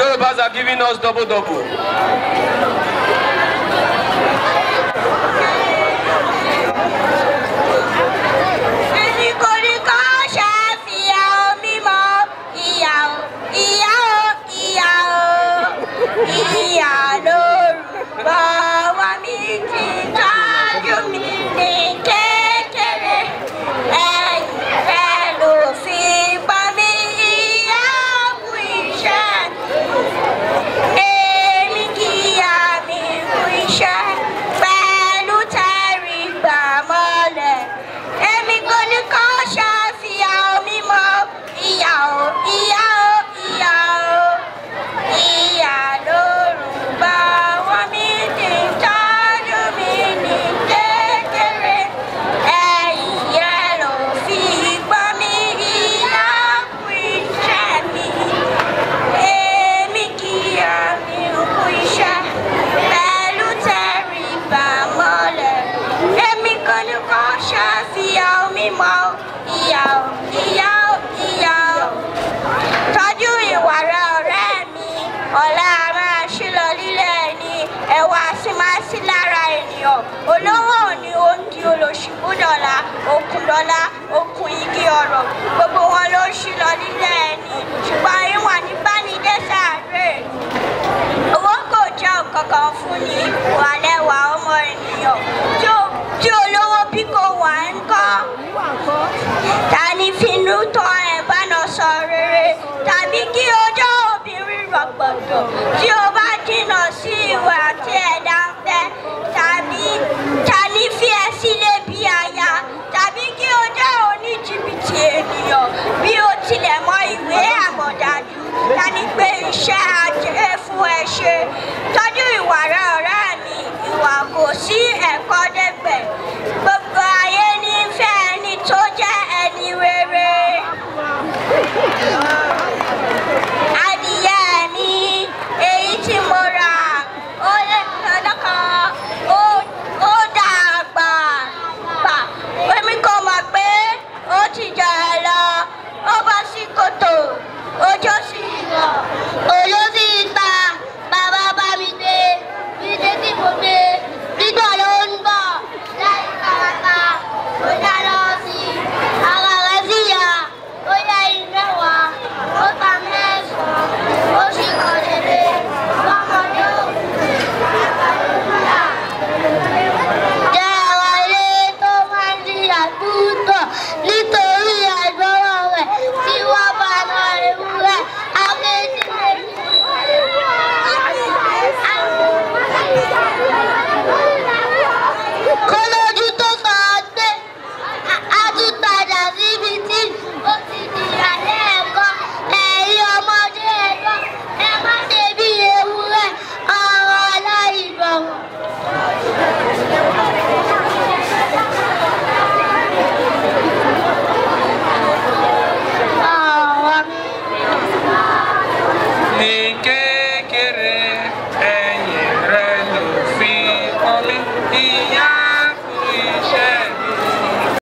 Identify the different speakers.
Speaker 1: Yorubas are giving us double double.
Speaker 2: ọ̀la a máa ṣí lọ lílẹ̀ ẹni ẹwà sí máa sí lára ènìyàn olówó òní oúnjẹ olóṣìkú dọ̀la okùn dọ̀la okùn igi ọ̀rọ̀ gbogbo wọn ló ṣí lọ lílẹ̀ ẹni ṣùgbọ́n ìwọ̀n ní bánidé sáré owó kò jẹ́ ọ̀kankan fún ni wàlẹ́wà ọmọ ènìyàn tí olówó bí kò wà ń kọ́ ta ni finú tọ́ ẹ̀ bá lọ sọ rere tàbí kí ó rock bottom.